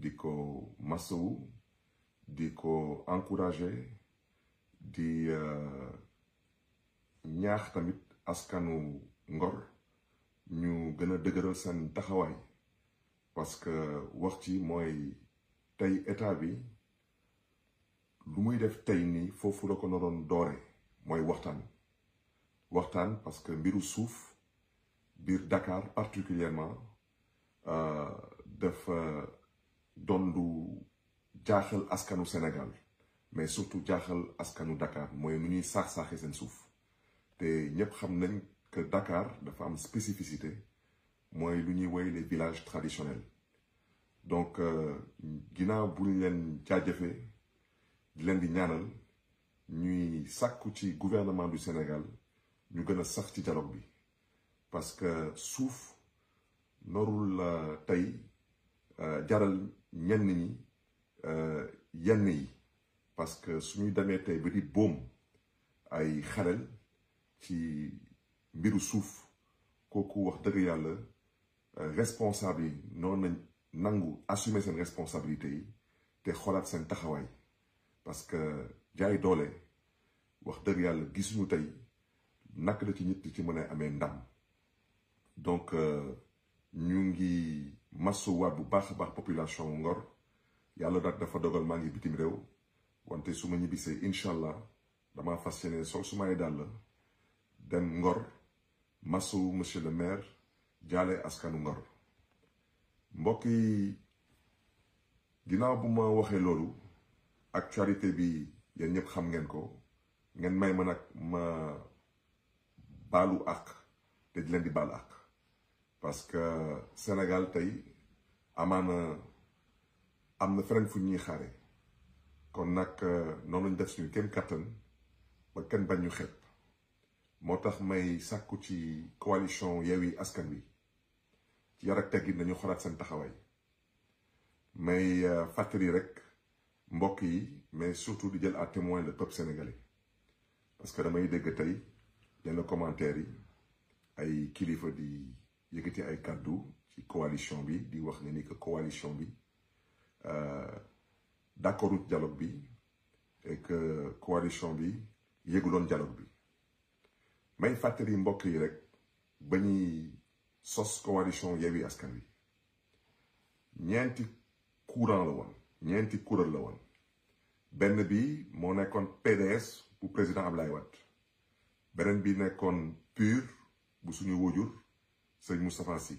di ko masawu di de encouragé euh, ñaax tamit askanu Ngor ñu gëna dëgeural dëgëral taxaway parce que wax ci tay tey état bi lu muy def tay ni fofu la ko doore moy waxtan waxtan parce que mbiru souf bir Dakar particulièrement euh, dafa euh, dondu jaxal askanu Sénégal mais surtout jaxal askanu Dakar moy nu ñuy saax-saaxe seen suuf te xam nañ que Dakar dafa am spécificité moy lu ñuy woy les villages traditionnels donc euh, guina bu len leen di len di ñaanal ñuy ci gouvernement du Sénégal ñu gëna sax ci dialogue bi parce que souf norul euh, tay euh, jaral euh, parce que suñu demee tay bi di boom ay xarel ci mbiru wax dëgg euh, responsable non? nañ nangu assumer sen responsabilité yi te de la parce que dolé wax dëgg tay nak la ci nit ci mën donc euh, masuwaat bu baax a baax population ngor yalla dak dafa dogal maa ngi bitim rew wante suma ma ñibbisee incha dama fasiyene sol suma ay dal dem ngor masu monsieur le maire jale askanu ngor mbokk yi bu ma lolu ak charité bi yeen ñep xam ngeen ko ngeen may ma nak ma balu ak te di len di bal ak parce que senegal tay amaana am na feneen fu ñuy xaare kon nag euh, noonu lañ def suñu kenn kàttan ba kenn bañ ñu xeeb moo tax may sàkku ci coalition Yewwi Askan Wi ci yar ak nañu xoolaat seen taxawaay may euh, fàttali rek mbokk yi mais surtout di jël à témoin le peuple sénégalais parce que damay dégg tey yenn commentaires yi ay kilifa di yëkkati ay kàddu coalition bi di wax ne ni que coalition bi euh, d'accordut dialogue bi et que coalition bi yëguloon dialogue bi may fàttali mbokk yi rek ba ñuy sos coalition Yewwi Askan Wi ñeenti courant la woon ñeenti kuréel la woon benn bi moo nekkoon PDS bu président lay wat beneen bi nekkoon PUR bu suñu wójur sëñ Moustapha Sy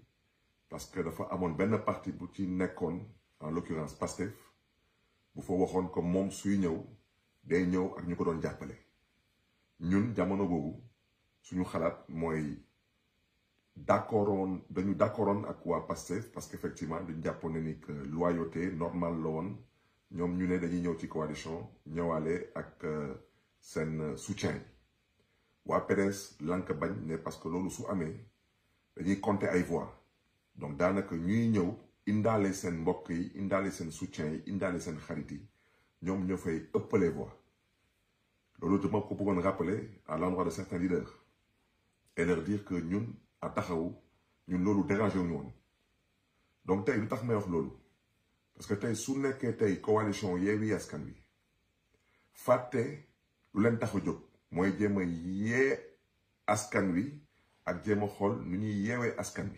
parce que dafa amone ben parti bu ci nekkone en l'occurrence Pastef bu fa waxone comme mom suy ñew day ñew ak ñuko ko doon jàppale ñun jamono boobu suñu xalaat moy d'accordon dañu d'accordon ak wa Pastef parce que effectivement duñ jappone ni que loyauté normal la woon ñoom ñu dañuy ñew ci coalition ñëwaale ak euh, seen euh, soutien wa waa lank bañ ne parce que lolu su amé dañuy compter ay voix donc daanaka ñuy ñëw indaale sen mbokk yi indaale sen soutien yi indaale sen xarit yi ñoom ñoo fay voix lolu dama ko bëggoon rappeler à l'endroit de certains leaders et leur dire que ñun a taxaw ñun lolu dérangé wu ñu donc tay lu tax may wax lolu parce que tay su nekké tay coalition yewi Askan Wi fàtte lu leen tax a moy mooy yé askan wi ak jéem xol nu ñuy yeewee askan wi.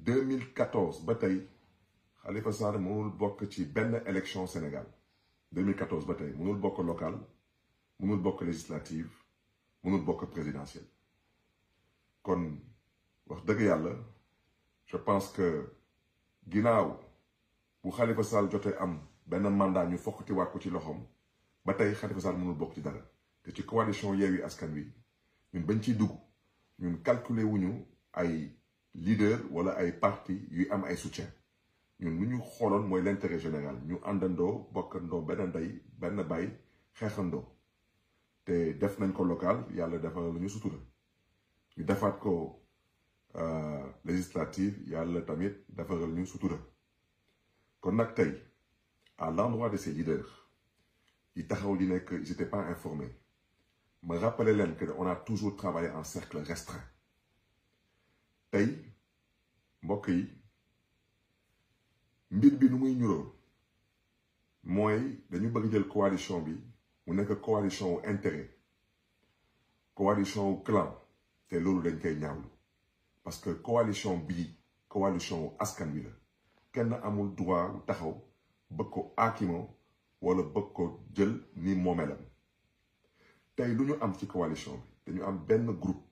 2014 bataille. Khalifa Sall mënul bok ci ben élection Sénégal 2014 bataille. tey mënul bokk local mënul bok législative mënul bok présidentiel kon wax deug yalla je pense que ginaaw bu Khalifa Sall jotee am ben mandat ñu fokkatiwaat ko ci loxoom ba Khalifa Sall mënul bok ci dara té ci coalition Yewwi Askan Wi ñun bañ ci dugg ñun calculer wuñu ay leader wala ay parti yuy am un soutien Nous nous ñu Nous l'intérêt général ñu Nous Nous bay Nous def nañ ko local nous dafa nous sutura ñu Nous ko euh, législative nous tamit dafa à l'endroit de ces leaders ils taxaw pas informés me rappeler que on a toujours travaillé en cercle restreint tey mbokk yi mbir bi nu muy ñuroo mooy dañu bëgg jël coalition bi mu nekk coalition wu intérêt coalition wu clan te loolu dañ koy ñaawlu parce que coalition bi coalition wu askan wi la kenn amul droit taxaw bëgg ko aakimo wala bëgg ko jël ni moomelam tey lu ñu am ci coalition bi dañu am benn groupe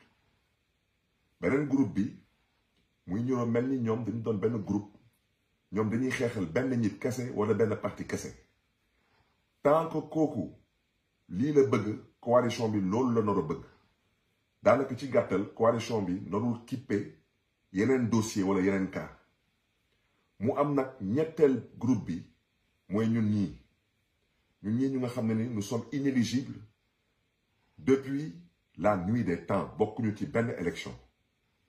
benen groupe bi muy ñoo melni ñom ñoom dañu doon benn groupe ñom dañuy xéxal benn nit kessé wala benn parti kessé tant que koku li la bëgg coalition bi loolu la nar a bëgg daanaka ci gattal coalition bi narul kippé yeneen dossier wala yeneen cas mu am nag ñetteel groupe bi mooy ñun ñii ñun ñii ñu nga xam ne ni nous sommes inéligibles depuis la nuit des temps bokkuñu ci benn élection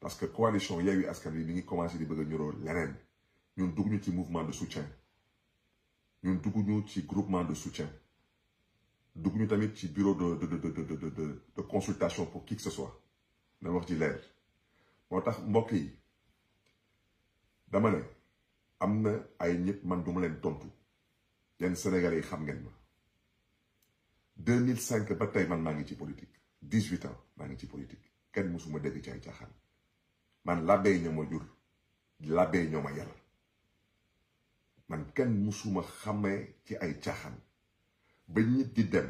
parce que coalition a eu commencé mouvement de soutien Nous avons petit groupement de soutien Nous bureau de de de de de de consultation pour qui que ce soit Nous avons mbokk yi dama ay ñepp man Sénégalais 2005 ba tay man ci politique 18 ans Je ci politique man làbbe yi ñoo ma jur làbbe yi ñoo ma man kenn musuma xamee ci ay caaxaan ba nit di dem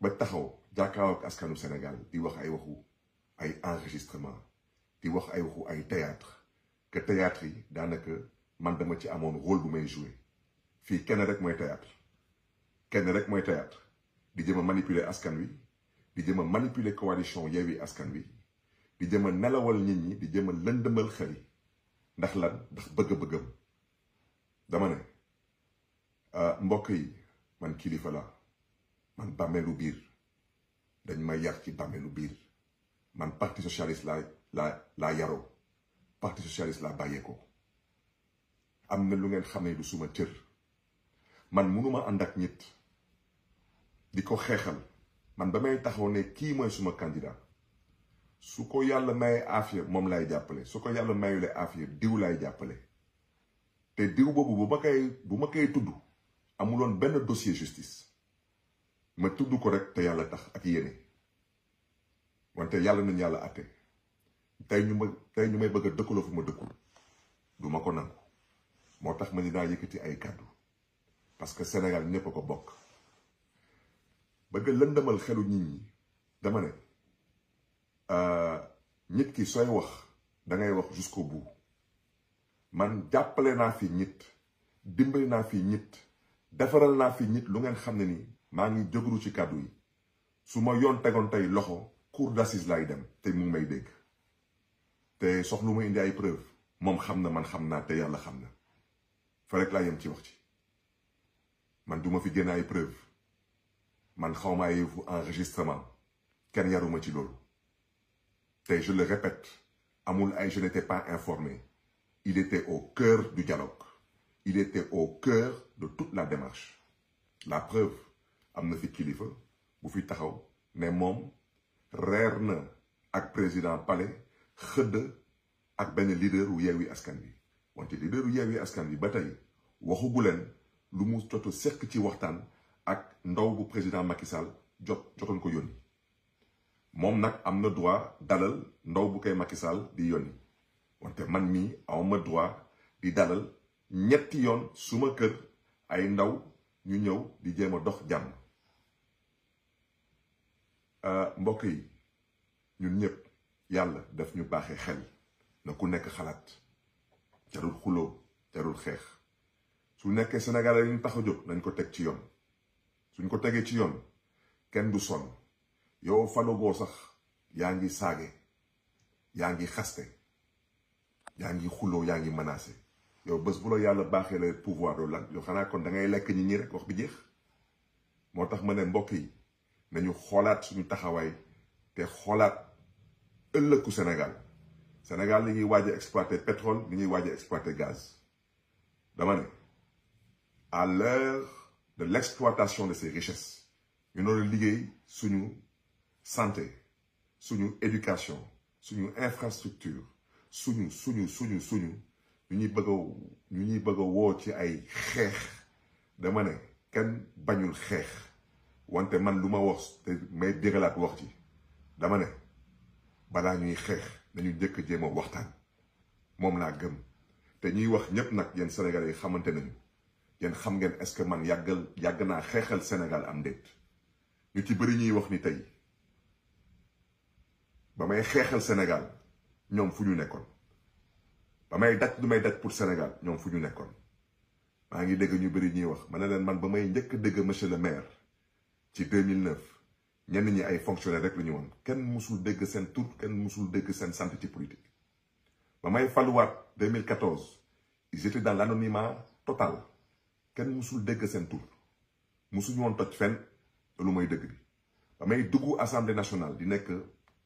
ba taxaw jàkkaarloo ak askanu Sénégal di wax ay waxu ay enregistrement di wax ay waxu ay théâtre que théâtre yi daanaka man dama ci amoon rôle bu may joué fii kenn rek mooy théâtre kenn rek mooy théâtre di jëm a manipuler askan wi di jëm a manipuler coalition Yewwi askan wi di zaman nelawal nit ñi di zaman lëndëmal xëri ndax lan ndax bëgg-bëggam dama ne ah, mbokk yi man kilifa la man bàmmeelu biir dañ ma yar ci bàmmeelu biir man parti socialiste la la sosialis yaro parti socialiste laa bàyyeekoo am na lu ngeen xamee lu suma cër man munuma ànd ak nit di ko man ba may taxaw ne suma candidat su ko yàlla mayee aafiya moom lay jàppale su ko yàlla mayulee aafiya diw lay jàppale te diw boobu bu ma koy bu ma koy tudd amuloon benn dossier justice ma tudd ko rek te yàlla tax ak yéene wante yàlla nañ yàlla àtte tey ñu ma tey ñu may bëgg a dëkkaloo fu ma dëkkul du ma ko nangu moo tax ma ni naa yëkkati ay kàddu parce que Sénégal ñépp a ko bokk bëgg lëndëmal xelu nit ñi dama ne ñit euh, ki sooy wax dangay ngay wax jusqu'au bout man jàppale naa fi nit dimbali naa fi nit defaral naa fi nit lu ngeen xam ne nii maa ngi jógaru ci kàddu yi su ma yoon tegoon tey loxo cour d'assises lay dem te mu ngi may dégg te soxlu ma indi ay preuve moom xam na man xam naa te yàlla xam na fa rek laa yem ci wax ci man duma fi génn ay preuve man xaw ma ay yëfu enregistrement kenn yaruma ci loolu Et je le répète, Amoul Aïe, je n'étais pas informé. Il était au cœur du dialogue. Il était au cœur de toute la démarche. La preuve, am fi kilifa bu fi taxaw ne moom ak président palais Khede, ak ben leader wu Yewi Askan Wi wante leader wu Yewi Askan Wi ba tey lu ak ndaw président Makissal, Sall ko mom nak amna droit dalal ndaw bu kay Macky Sall di yónni wante man mi awma droit di dalal ñetti yoon suma kër ay ndaw ñu ñew di jema dox jam euh mbokk yi ñun ñëpp yalla daf ñu baxé xel na ku nekk xalat jarul xulo jarul xex su nekkee sénégalais ñu taxaju nañ ko tek ci yoon suñ ko ci yoon kenn du sonn yow falogoo sax yaangi ngi yaangi yaa ngi xaste yaangi ngi xuloo yaa ngi menacé yow bés bu lo yalla baxé le pouvoir do lan yow xana kon da ngay lekk ñi ñi rek wax bi jeex motax mané ma mbokk yi nañu xolaat suñu taxaway té xolaat ëllëgu Sénégal Sénégal li ñi wajé a pétrole li ñi wajé a gaz dama né à l'heure de l'exploitation de ces richesses ñu noonu liggéey suñu santé suñu éducation suñu infrastructure suñu suñu suñu suñu ñu ñuy bëgg a nous ñuy bëgg a woo ci ay xeex dama ne kenn bañul xeex man luma wos, wax te may dégalaat wax ci dama ne balaa ñuy xeex nañu njëkk jéem a waxtaan moom gëm te ñuy wax ñépp nak yéen sénégalais yi xamante nañu yéen xam ngeen est-ce que man yàggal yàgg naa Sénégal am déet ñu ci bëri ñuy wax ni tey ba may xeexal Sénégal ñoom fu ñu nekkoon ba may daj du may daj pour Sénégal ñoom fu ñu nekkoon maa ngi dégg ñu bëri ñuy wax ma ne leen man ba may njëkk dégg monsieur le maire ci 2009 ñenn ñi ay fonctionnaire rek lu ñu woon kenn musul dégg seen tur kenn musul dégg seen sant ci politique ba may faluwaat 2014 ils étaient dans l'anonymat total kenn musul dégg seen mosul musuñu woon toj fenn lu may dëgg bi ba may dugg assemblée nationale di nekk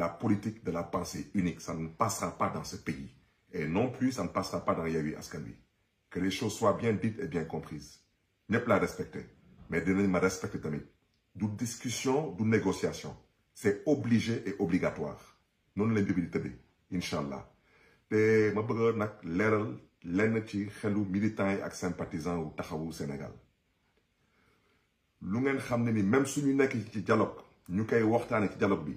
la politique de la pensée unique. Ça ne passera pas dans ce pays. Et non plus, ça ne passera pas dans Yahweh Askanoui. Que les choses soient bien dites et bien comprises. peux pas respecter. Mais de respecte respecter D'où discussion, d'où négociation. C'est obligé et obligatoire. Non l'individualité, Inch'Allah. Et ma bëgg nak léral lenn ci xelu militants et sympathisants wu au Sénégal lu que même ne ni même suñu sommes ci dialogue nous koy ci dialogue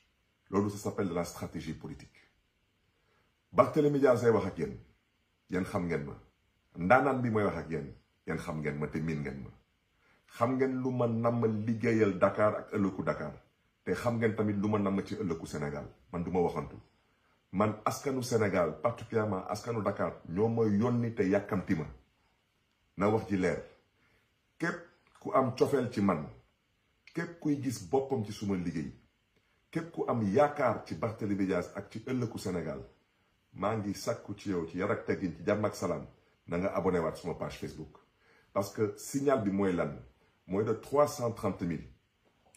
Lolo ça s'appelle de la stratégie politique Barthélémy Dias say wax ak yéen yéen xam ngeen ma ndaanaan bi mooy wax ak yéen yéen xam ngeen ma te miin ngeen ma xam ngeen lu ma namm Dakar ak ëllëgu Dakar te xam ngeen tamit lu nam namm ci ëllëgu Sénégal man du ma waxantu man askanu Sénégal particulièrement askanu Dakar ñoo ma yónni te yàkkamti ma na wax ji leer Kep ku am cofeel ci man képp kuy gis boppam ci suma liggéey képku am yaakaar ci Barthélemy Dias ak ci au Sénégal maa ngi sakku ci yow ci yar ak teggin ci page Facebook parce que le signal bi mooy lan de 330 000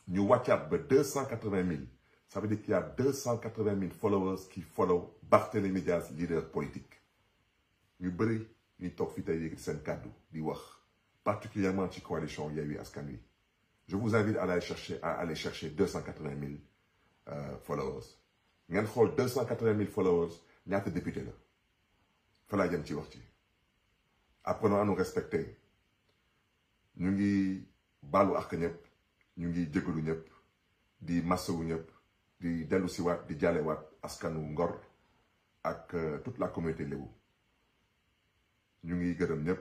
ñu wàccaat de 280 000 ça veut dire qu'il y a 280 000 followers qui follow les médias leader politique ñu bëri ñu toog fi particulièrement ci coalition yeewi je vous invite à aller chercher 280 000 euh, followers Vous avons 280 000 followers qui député la députés. laa apprenons à nous respecter Nous avons des ak nous ñu ngi jégalu nous di ñep di nous wat di wat askanu Ngor ak euh, toute la communauté ñu ngi